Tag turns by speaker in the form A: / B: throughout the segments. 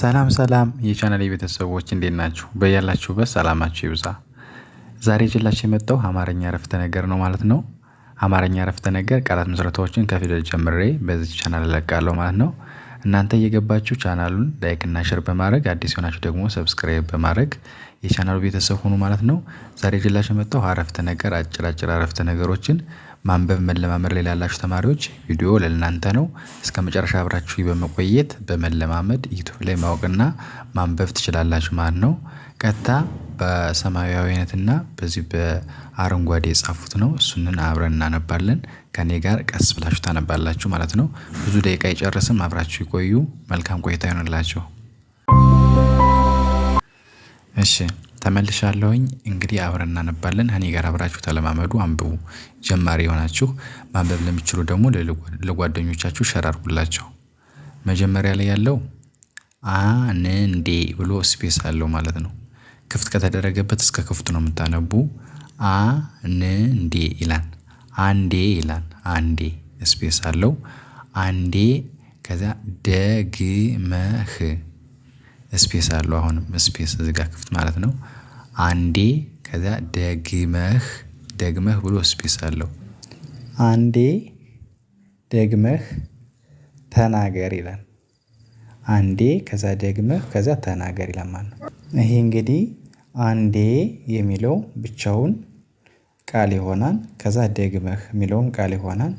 A: ሰላም ሰላም የቻናል ቤተሰቦች እንዴት ናችሁ? በያላችሁበት ሰላማችሁ ይብዛ። ዛሬ ጅላችሁ የመጣው አማርኛ ረፍተ ነገር ነው ማለት ነው። አማርኛ ረፍተ ነገር ቃላት ምስረታዎችን ከፊደል ጀምሬ በዚህ ቻናል እለቃለሁ ማለት ነው። እናንተ እየገባችሁ ቻናሉን ላይክ እና ሼር በማድረግ አዲስ የሆናችሁ ደግሞ ሰብስክራይብ በማድረግ የቻናሉ ቤተሰብ ሆኑ ማለት ነው። ዛሬ ጅላችሁ የመጣው አረፍተ ነገር አጭር አጭር አረፍተ ነገሮችን ማንበብ መለማመድ ላይ ላላችሁ ተማሪዎች ቪዲዮ ለእናንተ ነው። እስከ መጨረሻ አብራችሁ በመቆየት በመለማመድ ዩቱብ ላይ ማወቅና ማንበብ ትችላላችሁ ማለት ነው። ቀጥታ በሰማያዊነትና አይነትና በዚህ በአረንጓዴ የጻፉት ነው። እሱንን አብረን እናነባለን። ከኔ ጋር ቀስ ብላችሁ ታነባላችሁ ማለት ነው። ብዙ ደቂቃ አይጨርስም። አብራችሁ ይቆዩ። መልካም ቆይታ ይሆንላችሁ። እሺ ተመልሻለሁኝ እንግዲህ አብረን እናነባለን እኔ ጋር አብራችሁ ተለማመዱ አንብቡ ጀማሪ የሆናችሁ ማንበብ ለሚችሉ ደግሞ ለጓደኞቻችሁ ሸር መጀመሪያ ላይ ያለው አንዴ ብሎ ስፔስ አለው ማለት ነው። ክፍት ከተደረገበት እስከ ክፍቱ ነው የምታነቡ። አንዴ ይላል አንዴ ይላል አንዴ ስፔስ አለው። አንዴ ከዚያ ደግመህ ስፔስ አለው አሁንም ስፔስ እዚጋ ክፍት ማለት ነው። አንዴ ከዚያ ደግመህ ደግመህ ብሎ ስፔስ አለው።
B: አንዴ ደግመህ ተናገር ይላል። አንዴ ከዛ ደግመህ ከዛ ተናገር ይላል ማለት ነው። ይሄ እንግዲህ አንዴ የሚለው ብቻውን ቃል ይሆናል። ከዛ ደግመህ የሚለውም ቃል ይሆናል።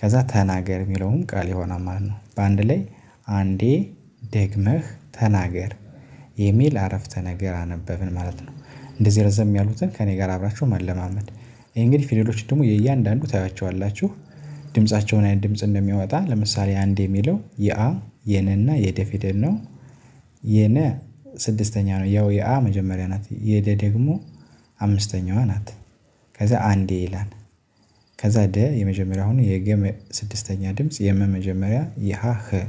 B: ከዛ ተናገር የሚለውም ቃል ይሆናል ማለት ነው። በአንድ ላይ አንዴ ደግመህ ተናገር የሚል አረፍተ ነገር አነበብን ማለት ነው። እንደዚህ ረዘም ያሉትን ከኔ ጋር አብራችሁ መለማመድ እንግዲህ ፊደሎች ደግሞ የእያንዳንዱ ታያቸዋላችሁ ድምፃቸውን አይነት ድምጽ እንደሚያወጣ ለምሳሌ አንድ የሚለው የአ የነና የደ ፊደል ነው። የነ ስድስተኛ ነው ያው የአ መጀመሪያ ናት የደ ደግሞ አምስተኛዋ ናት። ከዛ አንዴ ይላል። ከዛ ደ የመጀመሪያ ሆኖ የገ ስድስተኛ ድምጽ የመ መጀመሪያ የሀ ህ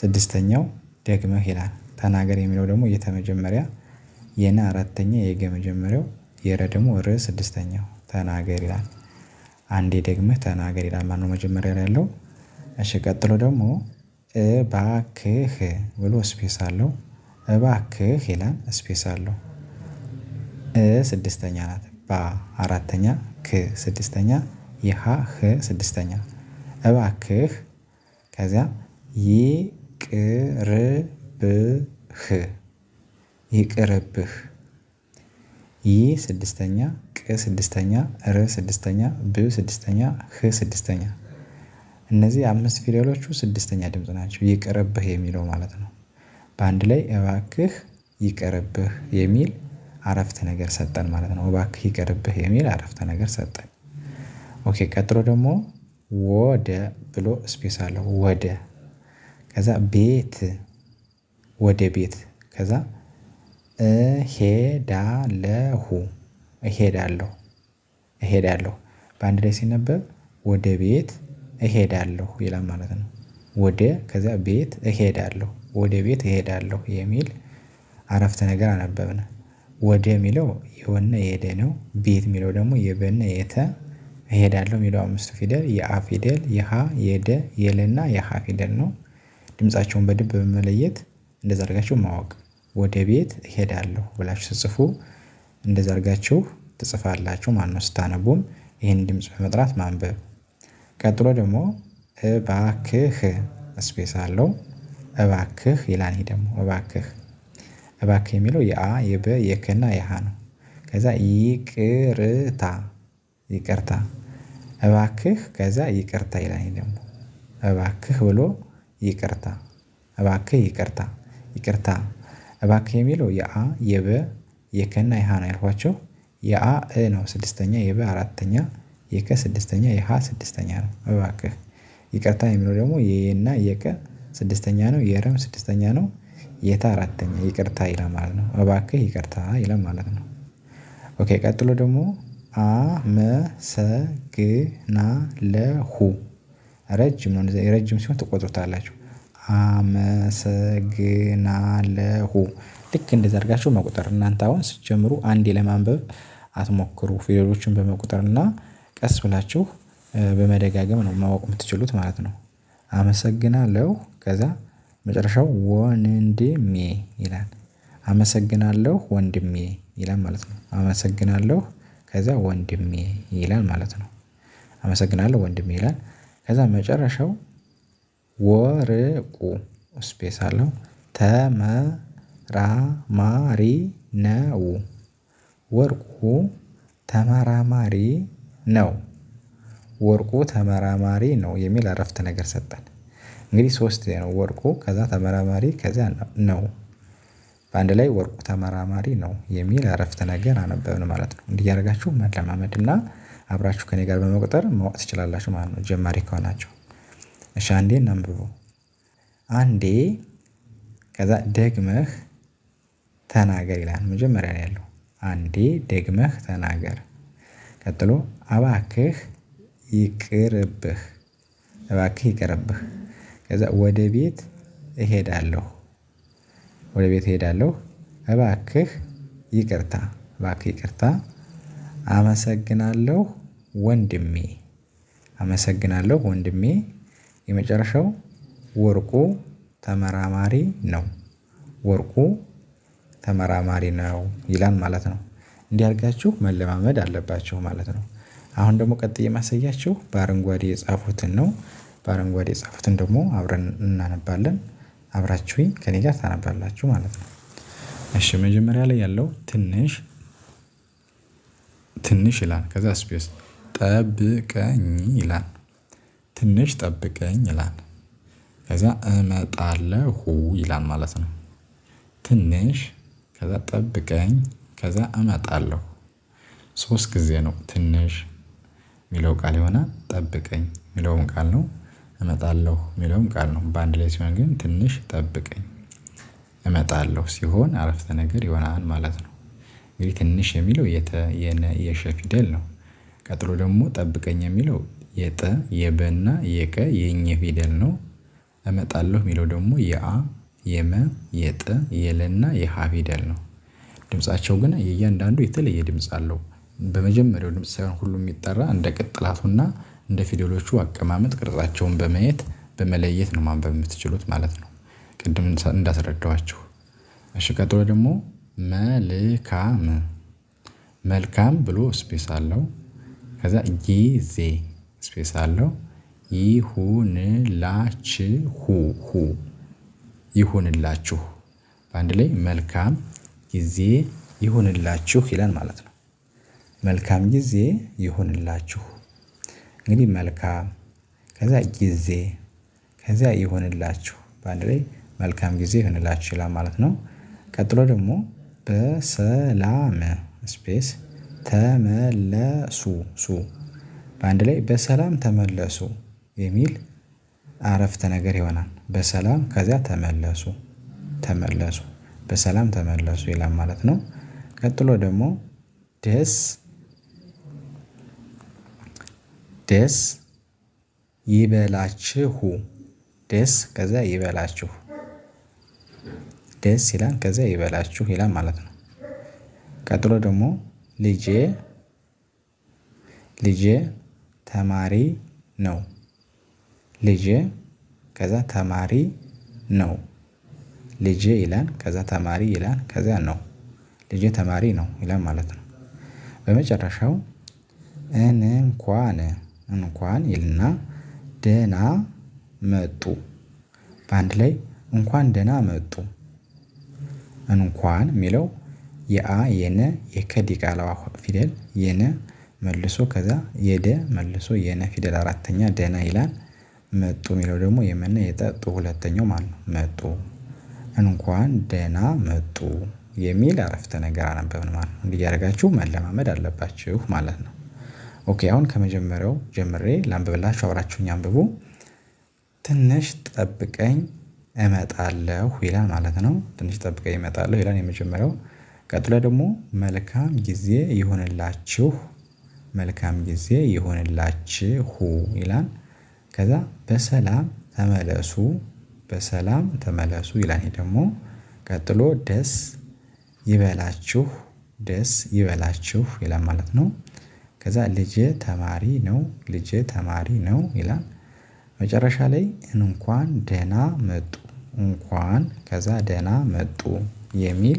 B: ስድስተኛው ደግመህ ይላል ተናገር የሚለው ደግሞ የተመጀመሪያ የነ አራተኛ የገ መጀመሪያው የረ ደግሞ ር ስድስተኛው ተናገር ይላል። አንዴ ደግመህ ተናገር ይላል ማነው መጀመሪያ ላይ ያለው? እሺ ቀጥሎ ደግሞ እባክህ ብሎ ስፔስ አለው እባክህ ይላል ስፔስ አለው። እ ስድስተኛ ናት ባ አራተኛ ክ ስድስተኛ ይሃ ህ ስድስተኛ እባክህ ከዚያ ይ ይቅርብህ ይቅርብህ ይ ስድስተኛ ቅ ስድስተኛ ር ስድስተኛ ብ ስድስተኛ ህ ስድስተኛ እነዚህ አምስት ፊደሎቹ ስድስተኛ ድምፅ ናቸው ይቅርብህ የሚለው ማለት ነው። በአንድ ላይ እባክህ ይቅርብህ የሚል አረፍተ ነገር ሰጠን ማለት ነው። እባክህ ይቅርብህ የሚል አረፍተ ነገር ሰጠን። ኦኬ ቀጥሎ ደግሞ ወደ ብሎ ስፔስ አለው ወደ ከዛ ቤት ወደ ቤት ከዛ እሄዳለሁ እሄዳለሁ እሄዳለሁ በአንድ ላይ ሲነበብ ወደ ቤት እሄዳለሁ ይላል ማለት ነው። ወደ ከዚያ ቤት እሄዳለሁ ወደ ቤት እሄዳለሁ የሚል አረፍተ ነገር አነበብን። ወደ የሚለው የወነ የሄደ ነው ቤት የሚለው ደግሞ የበነ የተ እሄዳለሁ የሚለው አምስቱ ፊደል የአ ፊደል የሃ የደ የለና የሃ ፊደል ነው ድምፃቸውን በደንብ በመለየት እንደዛ አድርጋቸው ማወቅ ወደ ቤት እሄዳለሁ ብላችሁ ስትጽፉ እንደዛ አድርጋችሁ ትጽፋላችሁ ማለት ነው። ስታነቡም ይህን ድምጽ በመጥራት ማንበብ። ቀጥሎ ደግሞ እባክህ ስፔስ አለው እባክህ ይላል። ይሄ ደግሞ እባክህ እባክህ የሚለው የአ የበ የክና የሃ ነው። ከዛ ይቅርታ ይቅርታ እባክህ ከዛ ይቅርታ ይላል። ይሄ ደግሞ እባክህ ብሎ ይቅርታ እባክህ ይቅርታ ይቅርታ እባክህ የሚለው የአ የበ የከና የሃ ነው ያልኳቸው የአ እ ነው ስድስተኛ የበ አራተኛ የከ ስድስተኛ የሃ ስድስተኛ ነው እባክህ ይቅርታ የሚለው ደግሞ የየና የቀ ስድስተኛ ነው የረም ስድስተኛ ነው የታ አራተኛ ይቅርታ ይለ ማለት ነው እባክህ ይቅርታ ይለ ማለት ነው። ኦኬ ቀጥሎ ደግሞ አመሰግናለሁ ረጅም ነው እንደዚህ ረጅም ሲሆን ትቆጥሩታላችሁ። አመሰግናለሁ ልክ እንደዛ አድርጋችሁ መቁጠር እናንተ አሁን ስትጀምሩ አንዴ ለማንበብ አትሞክሩ ፊደሎችን በመቁጠር እና ቀስ ብላችሁ በመደጋገም ነው ማወቅ የምትችሉት ማለት ነው። አመሰግናለሁ ከዛ መጨረሻው ወንድሜ ይላል አመሰግናለሁ ወንድሜ ይላል ማለት ነው። አመሰግናለሁ ከዛ ወንድሜ ይላል ማለት ነው። አመሰግናለሁ ወንድሜ ይላል ከዛ መጨረሻው ወርቁ ስፔስ አለው ተመራማሪ ነው። ወርቁ ተመራማሪ ነው። ወርቁ ተመራማሪ ነው የሚል አረፍተ ነገር ሰጠን። እንግዲህ ሶስት ነው ወርቁ ከዛ ተመራማሪ ከዚያ ነው። በአንድ ላይ ወርቁ ተመራማሪ ነው የሚል አረፍተ ነገር አነበብን ማለት ነው። እንዲያደርጋችሁ መለማመድ እና አብራችሁ ከኔ ጋር በመቁጠር ማወቅ ትችላላችሁ ማለት ነው ጀማሪ ከሆናችሁ። እሺ አንዴ እናንብበው። አንዴ ከዛ ደግመህ ተናገር ይላል። መጀመሪያ ላይ ያለው አንዴ ደግመህ ተናገር። ቀጥሎ እባክህ ይቅርብህ፣ እባክህ ይቅርብህ። ከዛ ወደ ቤት እሄዳለሁ፣ ወደ ቤት እሄዳለሁ። እባክህ ይቅርታ፣ እባክህ ይቅርታ አመሰግናለሁ ወንድሜ አመሰግናለሁ ወንድሜ የመጨረሻው ወርቁ ተመራማሪ ነው። ወርቁ ተመራማሪ ነው ይላል ማለት ነው። እንዲያርጋችሁ መለማመድ አለባችሁ ማለት ነው። አሁን ደግሞ ቀጥ የማሳያችሁ በአረንጓዴ የጻፉትን ነው። በአረንጓዴ የጻፉትን ደግሞ አብረን እናነባለን አብራችሁኝ ከኔ ጋር ታነባላችሁ ማለት ነው። እሺ መጀመሪያ ላይ ያለው ትንሽ ትንሽ ይላል ከዛ ስፔስ ጠብቀኝ ይላል ትንሽ ጠብቀኝ ይላል ከዛ እመጣለሁ ይላል ማለት ነው። ትንሽ ከዛ ጠብቀኝ ከዛ እመጣለሁ ሶስት ጊዜ ነው ትንሽ የሚለው ቃል ይሆናል ጠብቀኝ የሚለውም ቃል ነው እመጣለሁ የሚለውም ቃል ነው በአንድ ላይ ሲሆን ግን ትንሽ ጠብቀኝ እመጣለሁ ሲሆን አረፍተ ነገር ይሆናል ማለት ነው እንግዲህ ትንሽ የሚለው የሸ ፊደል ነው። ቀጥሎ ደግሞ ጠብቀኝ የሚለው የጠ የበና የቀ የኘ ፊደል ነው። እመጣለሁ የሚለው ደግሞ የአ የመ የጠ የለና የሃ ፊደል ነው። ድምፃቸው ግን የእያንዳንዱ የተለየ ድምጽ አለው። በመጀመሪያው ድምጽ ሳይሆን ሁሉ የሚጠራ እንደ ቅጥላቱና እንደ ፊደሎቹ አቀማመጥ ቅርጻቸውን በማየት በመለየት ነው ማንበብ የምትችሉት ማለት ነው። ቅድም እንዳስረዳኋችሁ። እሺ ቀጥሎ ደግሞ መልካም መልካም ብሎ ስፔስ አለው። ከዛ ጊዜ ስፔስ አለው። ይሁንላችሁ ሁ ይሁንላችሁ በአንድ ላይ መልካም ጊዜ ይሁንላችሁ ይላል ማለት ነው። መልካም ጊዜ ይሁንላችሁ። እንግዲህ መልካም ከዛ ጊዜ ከዚያ ይሁንላችሁ በአንድ ላይ መልካም ጊዜ ይሁንላችሁ ይላል ማለት ነው። ቀጥሎ ደግሞ በሰላም ስፔስ ተመለሱ ሱ በአንድ ላይ በሰላም ተመለሱ የሚል አረፍተ ነገር ይሆናል። በሰላም ከዚያ ተመለሱ ተመለሱ በሰላም ተመለሱ ይላል ማለት ነው። ቀጥሎ ደግሞ ደስ ደስ ይበላችሁ ደስ ከዚያ ይበላችሁ ደስ ይላል ከዚያ ይበላችሁ ይላል ማለት ነው። ቀጥሎ ደግሞ ልጄ ልጄ ተማሪ ነው። ልጄ ከዛ ተማሪ ነው። ልጄ ይላል ከዛ ተማሪ ይላል ከዚያ ነው ልጄ ተማሪ ነው ይላል ማለት ነው። በመጨረሻው እንኳን እንኳን ይልና ደና መጡ በአንድ ላይ እንኳን ደና መጡ እንኳን የሚለው የአ የነ የከ ዲቃላዋ ፊደል የነ መልሶ ከዛ የደ መልሶ የነ ፊደል አራተኛ ደና ይላል። መጡ የሚለው ደግሞ የመና የጠጡ ሁለተኛው ማለት ነው። መጡ እንኳን ደና መጡ የሚል አረፍተ ነገር አነበብን ማለት ነው። እንዲያደርጋችሁ መለማመድ አለባችሁ ማለት ነው። ኦኬ አሁን ከመጀመሪያው ጀምሬ ላንብብላችሁ፣ አብራችሁኝ አንብቡ። ትንሽ ጠብቀኝ እመጣለሁ ይላል ማለት ነው። ትንሽ ጠብቀኝ እመጣለሁ ይላል የመጀመሪያው ቀጥሎ ደግሞ መልካም ጊዜ ይሆንላችሁ፣ መልካም ጊዜ ይሆንላችሁ ይላል። ከዛ በሰላም ተመለሱ በሰላም ተመለሱ ይላል ይሄ ደግሞ ቀጥሎ ደስ ይበላችሁ ደስ ይበላችሁ ይላል ማለት ነው። ከዛ ልጅ ተማሪ ነው ልጅ ተማሪ ነው ይላል። መጨረሻ ላይ እንኳን ደህና መጡ እንኳን ከዛ ደህና መጡ የሚል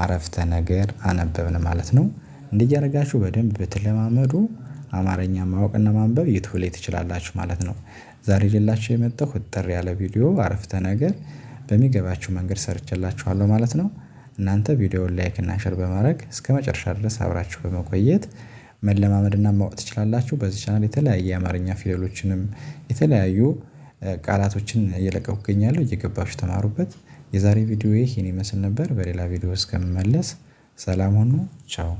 B: አረፍተ ነገር አነበብን ማለት ነው። እንዲህ በደንብ ብትለማመዱ አማርኛ ማወቅና ማንበብ የቱ ላይ ትችላላችሁ ማለት ነው። ዛሬ ሌላችሁ የመጣሁ እጥር ያለ ቪዲዮ አረፍተ ነገር በሚገባችሁ መንገድ ሰርቼላችኋለሁ ማለት ነው። እናንተ ቪዲዮውን ላይክ እና ሼር በማድረግ መጨረሻ ድረስ አብራችሁ በመቆየት መለማመድና ማወቅ ትችላላችሁ። በዚህ ቻናል የተለያየ የአማርኛ ፊደሎችንም የተለያዩ ቃላቶችን እየለቀኩ ይገኛሉ። እየገባችሁ ተማሩበት። የዛሬ ቪዲዮ ይህን ይመስል ነበር በሌላ ቪዲዮ እስከምመለስ ሰላም ሁኑ ቻው።